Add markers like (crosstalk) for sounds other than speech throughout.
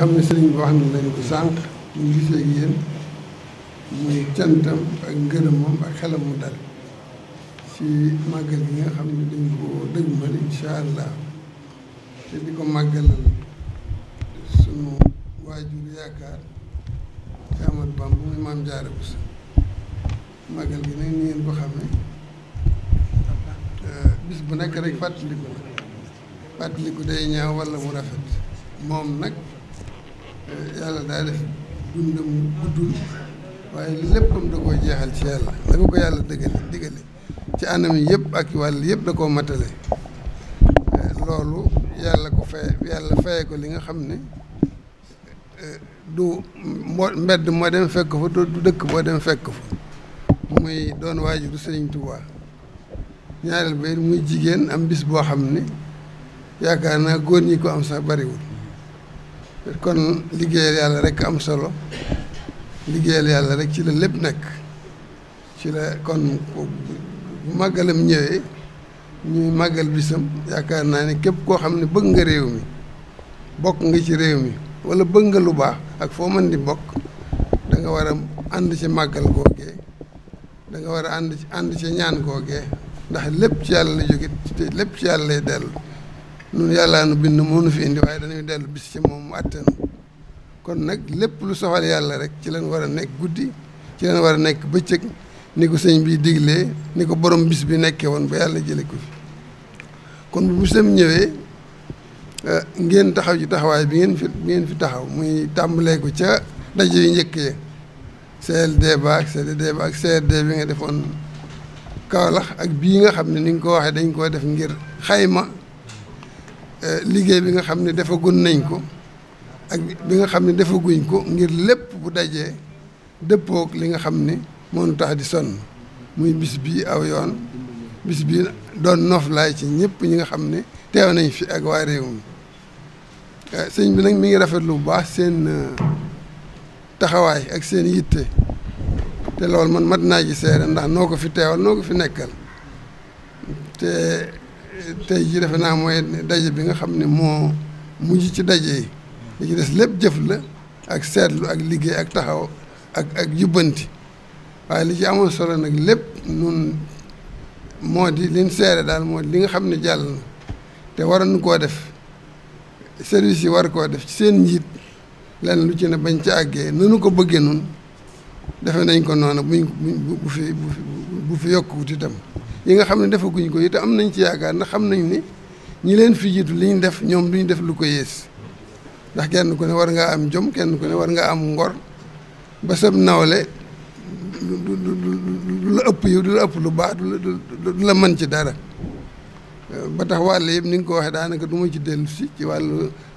xam ne sëriñ bi wax na leen ko sànq ñu gisee ak yéen muy cantam ak moom ak xelam mu dal ci màggal gi nga xam ne dañ ko dëgmal incha allah te di ko màggalal sunu waajur yaakaar ci Ahmadu Bamba muy maam Jaara Buso màggal gi nag ngeen ko xamee euh, bis bu nekk rek fàttaliku la fàttaliku day ñaaw walla mu rafet moom nag yàlla daa def dundam guddul waaye léppam da koo jeexal ci yàlla da ko ko yàlla dëggale diggale ci anam yi yëpp ak wàll yëpp da koo matale eh, loolu yàlla ko fay yàlla faye ko li nga xam ne eh, du moo mbedd moo dem fekk fa du dëkk boo dem fekk fa muy doon waajuru Sëriñ Tuubaa ñaareel ba muy jigéen am bis boo xam ne yaakaar naa góor ñi ko am sax bariwul kon liggéeyal yàlla rek am solo liggéeyal yàlla rek ci la lépp nekk ci la kon màggalam ñëwee ñuy màggal bisam yaakaar naa ne képp koo xam ne bëgg nga réew mi bokk nga ci réew mi wala bëgg nga lu baax ak foo mën di bokk danga war a ànd ci màggal googee da nga war a ànd ci ànd ci ñaan googee ndax lépp ci yàlla la jóge te lépp ci yàlla lay dellu nun yàllaa nu bind moom nu fi indi waaye dañuy dellu bis ci moom mu àttan kon nag lépp lu soxal yàlla rek ci leen war a nekk guddi ci leen war a nekk bëccëg ni ko sëñ bii digle ni ko borom bis bi nekkee woon ba yàlla jële ko fi kon bu bisam ñëwee eh, ngeen taxaw ci taxawaay bi ngeen fi fi taxaw muy tàmbalee ko ca daje yu njëkk ya CLD ba ak CDD ba ak CRD bi nga defoon Kaolack ak bii nga xam ne ni nga ko waxee dañ koo def ngir xayma Euh, liggéey bi nga xam ne defagun nañ ko ak bi nga xam ne defaguñ ko ngir lépp bu dajee dëppoog li nga xam ni moonu tax di sonn muy bis bi aw yoon bis bii doon noflaay ci ñëpp ñi nga xam ni teew nañ fi ak waa réew mi euh, sëñ bi nag mi ngi rafetlu bu baax seen euh, taxawaay ak seen yitte te loolu man mat naa ji seere ndax noo ko fi teewal noo ko fi nekkal te tey ji defe naa mooy daje bi nga xam ne moo mujj ci daje yi li ci des lépp jëf la ak seetlu ak liggéey ak taxaw ak ak jubbanti waaye li ci amoon solo nag lépp nun moo di liñ seere daal moo di li nga xam ne jàll na te waroon koo def service yi war koo def ci seen njiit lenn lu ci ne bañ ci àggee nanu ko bëggee nun defe nañ ko noona buñ bu fi bu fi bu fi yokkuwut itam yi nga xam ne defaguñ ko yi te am nañ ci yaakaar ndax xam nañ ni ñi leen fi jiitu li ñu def ñoom ñu def lu ko yées ndax kenn ku ne war ngaa am jom kenn ku ne war ngaa am ngor ba sab nawle la ëpp yow ëpp lu baax du mën ci dara ba tax wàll yëpp ni nga ko waxee daanaka du ma ci dellu si ci wàll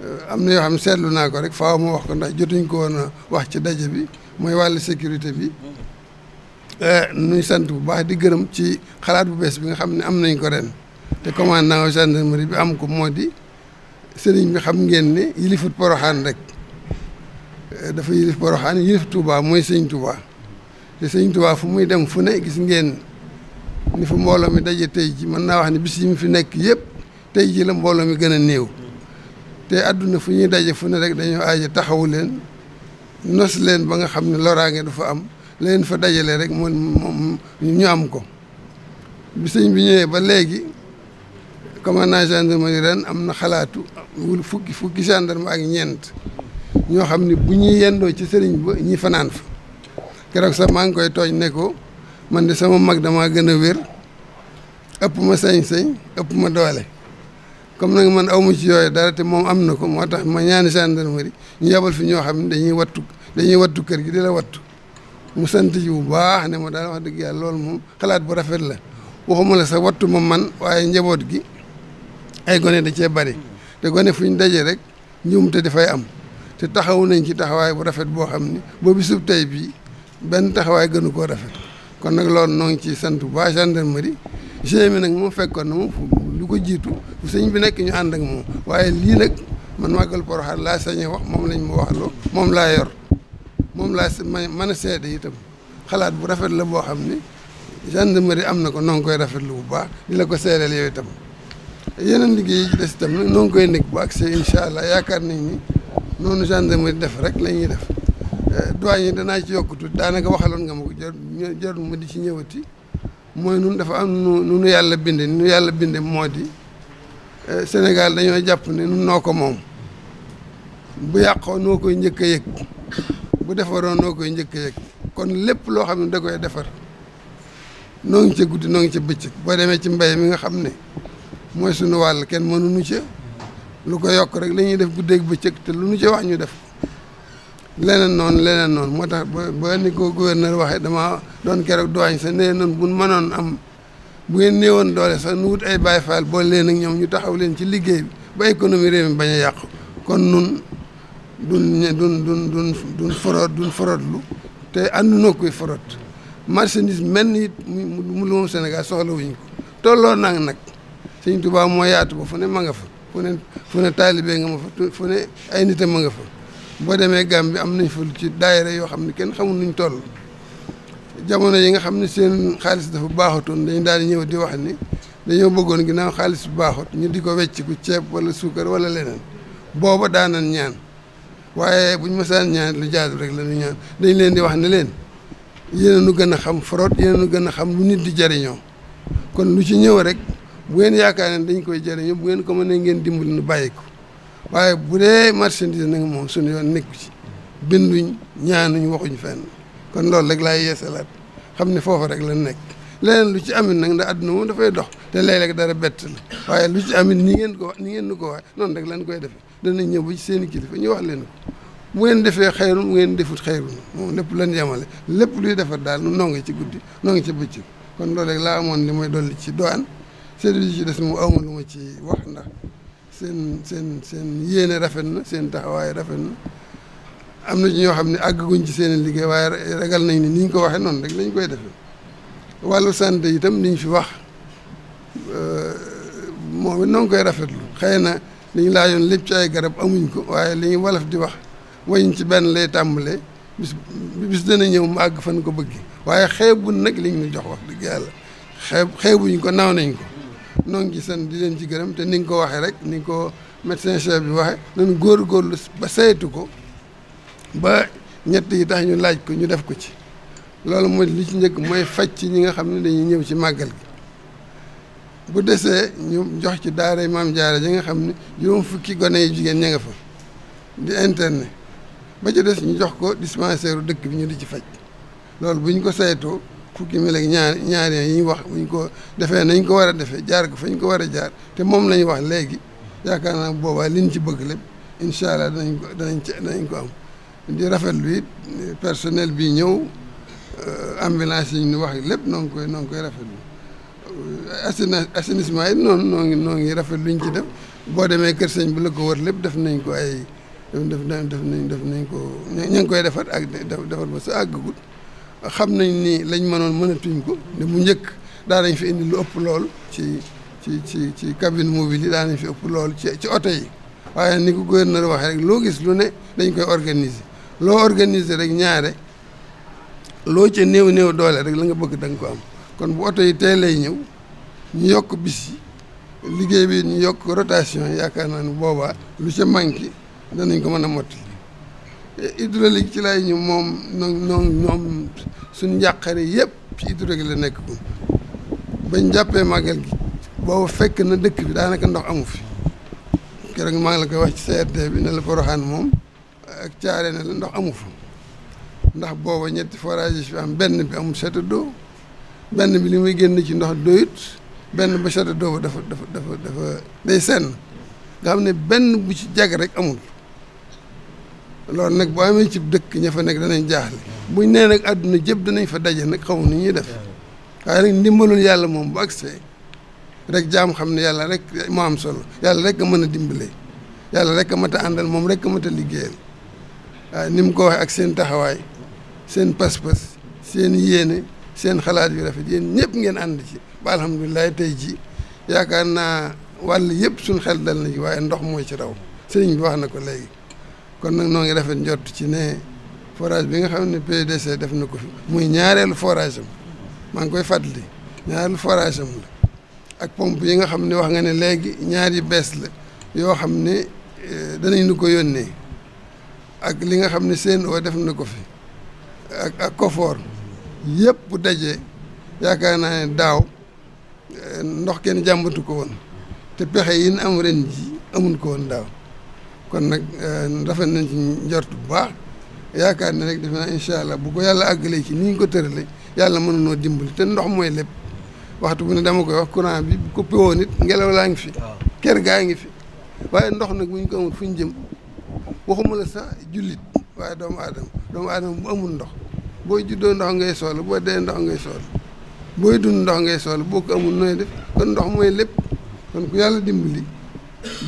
euh, am na yoo xam seetlu naa ko rek faaw ma wax ko ndax jotuñ ko woon a wax ci daje bi mooy wàll sécurité bi nuy sant bu baax di gërëm ci xalaat bu bees bi nga xam ne am nañ ko ren te commandant gendarmerie bi am ko moo di sëriñ xam ngeen ne yilifut poroxaan rek eh, dafa yilif poroxaan yilif Touba mooy sëñ fu muy dem fu gis ngeen fu mbooloo mi daje tey ji mën naa wax ne bisi yi mu fi nekk yëpp tey ji la mbooloo mi gën a néew te àdduna fu ñuy daje fu ne rek dañoo aaje taxawu leen nos leen ba nga xam ne loraange du fa am leen fa dajale rek moom moom ñu am ko bi sëñ bi ñëwee ba léegi commandant gendarmerie ren am na xalaatu wul fukki fukki gendarme ak ñeent ñoo xam ni bu ñuy yendoo ci sëriñ ba ñi fanaan fa keroog sax maa ngi koy tooñ ne ko man de sama mag dama gën a wér ëpp ma sañ-sañ ëpp ma doole comme nag man awma ci yooyu dara te moom am na ko moo tax ma ñaani gendarmerie ñu yebal fi ñoo xam ne dañuy wattu dañuy wattu kër gi di la wattu mu sant ji bu baax ne ma daal wax dëgg yàlla loolu moom xalaat bu rafet la waxuma la sa wattu ma man waaye njaboot gi ay gone da cee bari te gone fu ñu dajee rek njuumte dafay am te taxaw nañ ci taxawaay bu rafet boo xam ne boobu bisub tey bii benn taxawaay gënu koo rafet kon nag lool noo ngi ciy sant bu baax gendarmerie GMI nag moom fekkoon na moom lu ko jiitu fu sëñ bi nekk ñu ànd ak moom waaye lii nag man màggal Porokhane laa sañee wax moom lañ ma waxloo moom laa yor moom laa si mën a seede itam xalaat bu rafet la boo xam ni gendarmerie am na ko noo ngi koy rafetlu bu baax di la ko seedeel yow itam yeneen liggéey yi ci des itam nag noo ngi koy nekk bu accès allah yaakaar nañ ni noonu gendarmerie def rek la def eh, doyen yi danaa ci yokkutu daanaka waxaloon nga ma ko jarul ma di ci ñëwati mooy nun dafa am nu nu yàlla bindee nu yàlla bindee moo di eh, Sénégal dañoo jàpp ne nun noo ko moom bu yàqoo noo koy njëkk a yëg bu defaroon noo koy njëkk yëg kon lépp loo xam ne da koy defar noo ngi ca guddi noo ngi ca bëccëg boo demee ci mbay mi nga xam ne mooy sunu wàll kenn mënu mënuñu ca lu ko yokk rek lañuy def def guddeeg bëccëg te lu nu ca wax ñu def leneen noon leneen noon moo tax ba ba ni ko gouverneur waxee dama doon keroog doañ sa nee noonu buñ mënoon am bu ngeen néewoon doole sax nu wut ay Baay Faal boole leen ak ñoom ñu taxaw leen ci liggéey bi ba économie réew mi bañ a yàqu duñ duñ duñ duñ duñ forot duñ forotlu te àndunoo koy forot marchandise mel nii it mu lu moom Sénégal soxla wuñ ko tolloo nag nag sëñ Tuubaa moo yaatu ba fu ne ma nga fa fu ne fu ne taalibee nga ma fa fu ne ay nit a ma nga fa boo demee Gàmbi am nañ fa lu ci daayira yoo xam ne kenn xamul nuñ toll jamono yi nga xam ne seen xaalis dafa baaxatoon dañ daal di ñëw di wax ni dañoo bëggoon ginaaw xaalis bu baaxut ñu di ko wecc ku ceeb wala suukar wala leneen booba daanan ñaan waaye bu ñu mësaan ñaan lu jaadu rek la ñu ñaan dañ leen di wax ne leen yéen nu gën a xam fraude yéen gën a xam lu nit di jariñoo kon lu ci ñëw rek bu ngeen yaakaar ne dañ koy jariñoo bu ngeen ko mënee ngeen dimbali nu bàyyi ko waaye bu dee marchandise nag moom suñu yoon nekku ci binduñ ñaanuñ waxuñ fenn kon loolu rek laay yeesalaat xam ne foofu rek la nekk leneen lu ci amit nag ndax àdduna moom dafay dox te léeg-léeg dara bett la waaye lu ci amit ni ngeen ko ni ngeen nu ko wax noonu rek lañ koy defee danañ ñëw ba ci seen i kilifa ñu wax leen ko bu ngeen defee xayru mu ngeen defut xayru moom lépp lañ yemale lépp luy defar daal nu nongi ci guddi nongi ci bëccëg kon loolu rek laa amoon li mooy dolli ci doan service yi ci des mu awma lu ma ci wax ndax seen seen seen yéene rafet na seen taxawaay rafet na am na ci ñoo xam ne àggaguñ ci seen liggéey waaye ragal nañ ni niñ ko waxee noonu rek lañ koy defee wàllu santé itam niñ fi wax euh, moom it noo ngi koy rafetlu xëy na li ñu laajoon lépp ci ay garab amuñ ko waaye li ñu wolof di wax waññ ci benn lay tàmbale bis bis dana ñëw mu àgg fan ko bëggi waaye xeebuñ nag li ñu jox wax dëgg yàlla xeeb xeebuñ ko naaw nañ ko noo ngi sant di leen ci gërëm te ni nga ko waxee rek ni ko médecin chef bi waxee góor góorgóorlu ba saytu ko ba ñett yi tax ñu laaj ko ñu def ko ci loolu moo li ci njëkk mooy faj ci ñi nga xam ne dañuy ñëw ci màggal gi bu desee ñu jox ci daara maam jaara ji nga xam ne juróom fukki gone yi jigéen ña nga fa di internet ba ca des ñu jox ko dispensaire dëkk bi ñu di ci faj loolu bu ñu ko saytoo fukki mil ak ñaar ñaar yi ñu wax bu ñu ko defee nañ ko war a defee jaar ko fa ñu ko war a jaar te moom lañu wax léegi yaakaar naa boobaa liñ ci bëgg lépp incha allah danañ ko danañ ci danañ ko am di rafetlu it personnel bi ñëw euh, ambulance yi ñu wax lépp noo ngi koy noo ngi assainissement yi noonu noo ngi noo ngi rafet lu ñu ci def boo demee kër sëñ bu la ko wër lépp def nañ ko ay def nañ def nañ def nañ ko ña ngi koy defar ak defar ba sa àggagul xam nañ ni lañ mënoon mënatuñ ko de mu njëkk daa dañ fi indi lu ëpp lool ci ci ci ci cabine mobile yi daa nañ fi ëpp lool ci ci oto yi waaye ni ko gouverneur waxee rek loo gis lu ne dañ koy organiser loo organiser rek ñaare loo ca néew néew doole rek la nga bëgg da ko am kon bu oto yi tey lay ñëw ñu yokk bis yi liggéey bi ñu yokk rotation yaakaar naa ni boobaa lu ca manqué danañ ko mën a motti hydraulique ci lay ñu moom noonu ñoom suñ njàqare yëpp ci hydraulique la nekk kon bañ jàppee màggal gi boobu fekk na dëkk bi daanaka ndox amu fi keroog maa la koy wax ci CRD bi ne la Porokhane moom ak caare ne la ndox amu fa ndax booba ñetti forage yi fi am benn bi amul château d'eau benn bi li muy génn ci ndox doyut benn ba château d'eau dafa dafa dafa dafa day senn nga xam ne benn bu ci jag rek amul loolu nag bu amee ci dëkk ña fa nekk danañ jaaxle buñ nee nag àdduna jëpp danañ fa daje nag xamu ni ñuy def waaye nag ndimbalul yàlla moom bu agsee rek jaam xam ne yàlla rek mu am solo yàlla rek a mën a dimbale yàlla rek a mat a àndal moom rek a mat a liggéeyal waaye ni mu ko waxee ak seen taxawaay seen pas-pas seen yéene seen xalaat yu rafet yéen ñëpp ngeen ànd ci ba alhamdulilah tey ji yaakaar naa wàll yëpp suñ xel dal na ci waaye ndox mooy ci raw sëriñ bi wax na ko léegi kon nag noo ngi rafet njot ci ne forage bi nga xam ne PDC def na ko fi muy ñaareelu forage am maa ngi koy fàttali ñaareelu forage am ak pompe yi nga xam ne wax nga ne léegi ñaar bees la yoo xam ne eh, danañ nu ko yónnee ak li nga xam ne seen oo def na ko fi ak ak kofoor yëpp bu dajee yaakaar naa ne daaw eh, ndox kenn jàmbatu ko woon te pexe yi ñu am ren ji amun ko woon daaw kon nag eh, rafet nañ ci njort bu baax yaakaar ne rek defe naa incha allah bu ko yàlla àggalee ci ni ñu ko tëralee yàlla mën noo dimbali te ndox mooy lépp waxtu bu ne dama koy wax courant bi bu ko pewoo nit ngelaw laa ngi fi. kër gaa ngi fi waaye ndox nag bu ñu ko amul fu ñu jëm waxuma la sa jullit waaye doomu aadama doomu aadama bu amul ndox. booy juddoo ndox ngay soxla boo dee ndox ngay soxla booy dund ndox ngay soxla boo ko amul nooy def kon ndox mooy lépp kon ku yàlla dimbali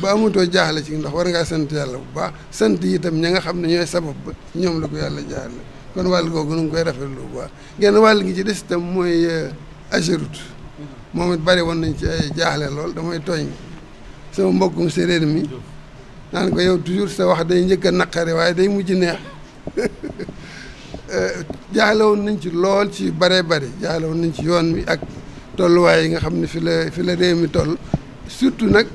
ba amatoo jaaxle ci ndox war ngaa sant yàlla bu baax sant itam ña nga xam ne ñooy sabab ba ñoom la ko yàlla jaaxle kon wàll googu nu koy rafetlu bu baax genn wàll ci des itam mooy eh, Ageroute moom bari woon nañ ci ay jaaxle lool damay tooñ sama mbokkum séréer mi naan ko yow toujours sa wax day njëkk a naqare waaye day mujj neex (laughs) eh, jaaxle woon nañ ci lool ci bare bare jaaxle woon nañ ci yoon wi ak tolluwaay yi nga xam ne fi la fi la réew mi toll surtout nag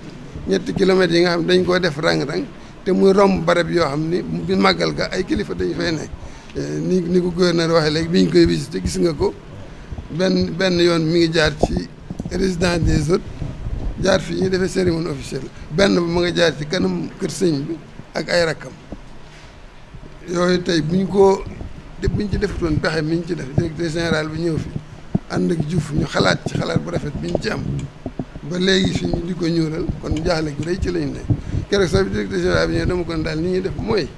ñetti kilomètres yi nga xam ne dañ koo def rang-rang te muy romb bare bi yoo xam ni bi màggal ga ay kilifa dañu fay ne eh, ni ni ko gouverneur waxee léegi bi ñu koy visité gis nga ko benn benn yoon mi ngi jaar ci résidence des hôtes jaar fii ñu defee cérémonie officielle benn bi mu ngi jaar ci kanam kër sëñ bi ak ay rakkam yooyu tey bu ko ñu ci defatoon pexe ñu ci def directeur général bi ñëw fi ànd ak Diouf ñu xalaat ci xalaat bu rafet biñ ci am ba léegi suñu di ko ñuural kon jaaxle gu rëy ci lañ ne keroog sax bi directeur général bi daal ni ñuy def mooy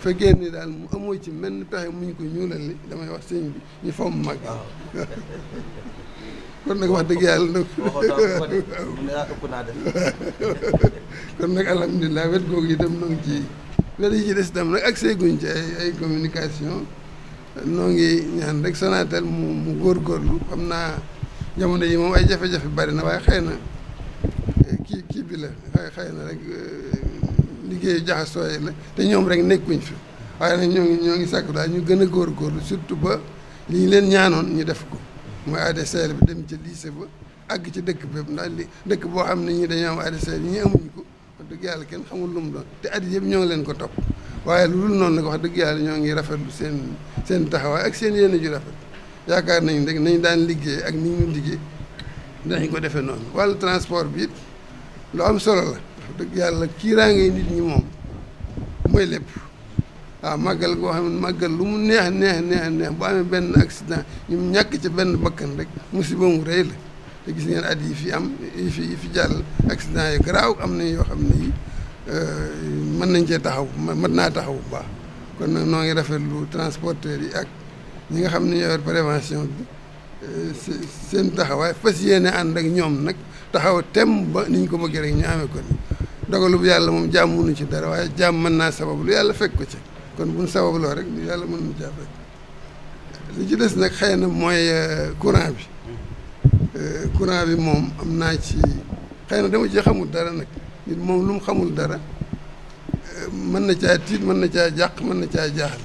fekkee ni daal amoo ci menn pexe muñ ko ñuulal li damay wax sëñ bi ñu fomm mag (laughs) kon nag wax dëgg yàlla nag (laughs) (laughs) kon nag alhamdulilah wet googu itam noo ngi ci la li ci des itam nag ak guñ ci ay communication noo ngi ñaan rek Sonatel mu góor góorgóorlu xam naa jamono yi moom ay jafe-jafe bari na waaye xëy na eh, kii kii bi la xay xëy na rek eh, liggéeyu jaxasoo yi la te ñoom rek nekkuñ fi waaye nag ñoo ngi ñoo ngi sàkku daal ñu gën a góor góorgóorlu surtout ba li ñu leen ñaanoon ñu def ko mooy ADSL bi dem ca lycée ba àgg ci dëkk bépp ndax li dëkk boo xam ne ñi dañoo am ADSL yi ñu amuñ dëgg yàlla kenn xamul lu mu doon te at yëpp ñoo ngi leen ko topp waaye lu noon noonu nag wax dëgg yàlla ñoo ngi rafetlu seen seen taxawaay ak seen yéene ju rafet yaakaar nañ rek nañ daan liggéey ak ñu liggéey danañ ko defee noonu wàllu transport bi it am solo la dëgg yàlla kiiraange nit ñi moom mooy lépp waaw màggal goo xam ne màggal lu mu neex neex neex neex bu amee benn accident ñu ñàkk ci benn bakkan rek musiba mu rëy la te gis ngeen at yi fi am yi fi yi fi jàll accident yu garaaw am na yoo xam ne yi euh, mën nañ cee taxaw mën naa taxaw bu baax kon nag noo ngi rafetlu transporteurs yi ak ñi nga xam ne ñoo yor prévention bi euh, seen taxawaay yéene ànd ak ñoom nag taxaw tem ba niñ ko bëggee rek ñu amee ko ni dogalu bu yàlla moom jàmm mënu ci dara waaye jàmm mën naa sabab lu yàlla fekk ko ci kon buñ sababloo rek lu yàlla mën nu jàpp rek li ci des nag xëy na mooy euh, courant bi Euh, courant bi moom am naa ci xëy na dama ci xamul dara nag nit moom lu mu xamul dara euh, mën na caa tiit mën na caa jàq mën na caa jaaxal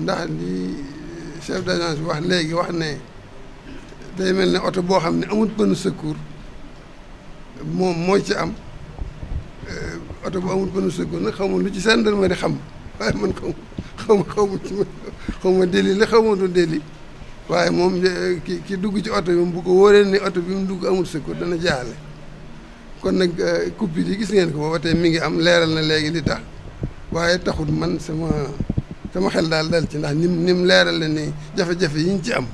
ndax li euh, chef d'agence bi wax léegi wax ne day mel ne oto boo xam ne amul pënu secours moom moo ci am oto bu amul pënu secours nag ma lu ci gendarmerie xam waaye man xaw xaw ma xaw ma xaw ma déli la xaw ma du déli waaye moom ki ki dugg ci oto bi moom bu ko wóoree ni oto bi mu dugg amul ko dana jaale kon nag euh, coupure yi gis ngeen ko booba tey mi ngi am leeral na léegi li tax waaye taxul man sama sama xel daal dal ci ndax nim nim leeral leen ni jafe-jafe yi ñu ci am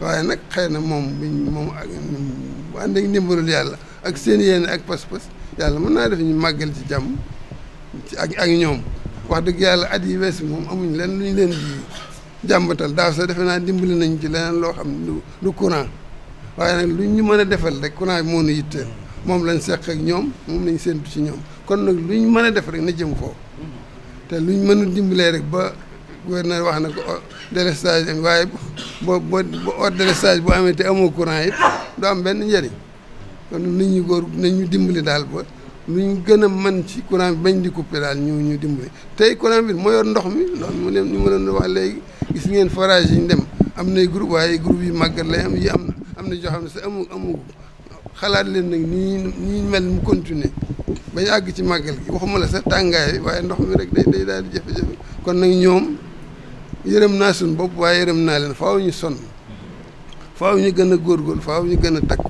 waaye nag xëy na moom biñ moom ak bu ànd ak ndimbalul yàlla ak seen yéene ak pas-pas yàlla mën naa def ñu màggal ci jàmm ci ak ak ñoom wax dëgg yàlla at yi weesu moom amuñ leen lu ñu leen di jàmbatal daaw sax defe naa dimbali nañ ci leneen loo xam ne du courant waaye nag lu ñu mën a defal rek courant bi moo nu yitteel moom lañ seq ak ñoom moom lañ séntu ci ñoom kon nag lu ñu mën a def rek na jëm koo te lu ñu a dimbalee rek ba gouverneur wax na ko délestage waaye boo boo hors délestage bu amee te amoo courant it du am benn njëriñ kon nit ñi góor nañu dimbali daal ba lu ñu gën a mën ci courant bi bañ di couper daal ñu ñu dimbali tey courant bi moo yor ndox mi loolu ñu ma doon wax léegi gis ngeen forage yi ñu dem am nay groupe waaye groupe yi màggat lay am yi am am na joo xam ne sa amu amu xalaat leen nag nii nii mel mu continuer bañ àgg ci màggal gi waxuma la sa tàngaay waaye ndox mi rek day daal di jafe kon nag ñoom yërëm naa suñ bopp waaye yërëm naa leen faaw ñu sonn faaw ñu gën a góor góorgóorlu faaw ñu gën a takk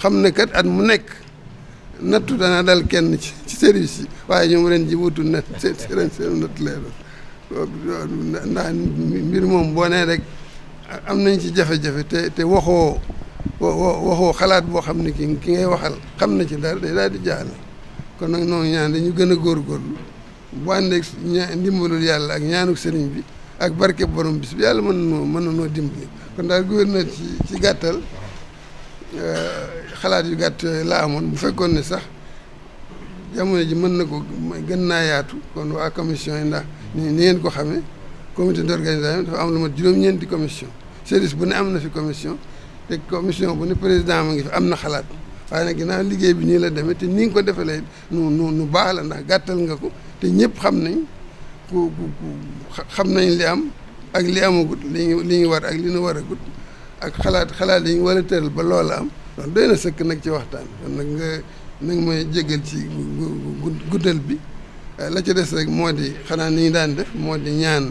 xam ne kat at mu nekk nattu danaa daal kenn ci ci service yi waaye ñoom ren ji wutul na seen seen nattu lay doon ndax mbir moom boo rek am nañ ci jafe-jafe te te waxoo waxoo xalaat boo xam ne ki ki ngay waxal xam na ci dara day daal di jaaxle kon nag noonu ñaan dañu gën a góorgóorlu bu àndeeg ña ndimbalul yàlla ak ñaanuk sëriñ bi ak barke borom bis bi yàlla mën nañoo mën nañoo dimbali kon daal gouverneur ci gàttal euh, xalaat yu gàtt yooyu laa moon bu fekkoon ne sax jamono ji mën na ko gën naa yaatu kon waa commission yi ndax. ni ngeen ko xamee comité d'organisation dafa am lu ma juróom-ñeenti commission service bu ne am na fi commission te commission bu ne président ma ngi fi am na xalaat waaye nag ginnaaw liggéey bi nii la demee te ni nga ko defalee nu nu nu baax la ndax gàttal nga ko te ñëpp xam nañ ku ku xam nañ li am ak li amagut li ñu li ñu war ak li nu war agut ak xalaat xalaat li ñu war a tëral ba loola am loolu doy na sëkk nag ci waxtaan kon nag nga nag mooy jégal ci guddal bi la ca des rek moo di xanaa ni ñu daan def moo di ñaan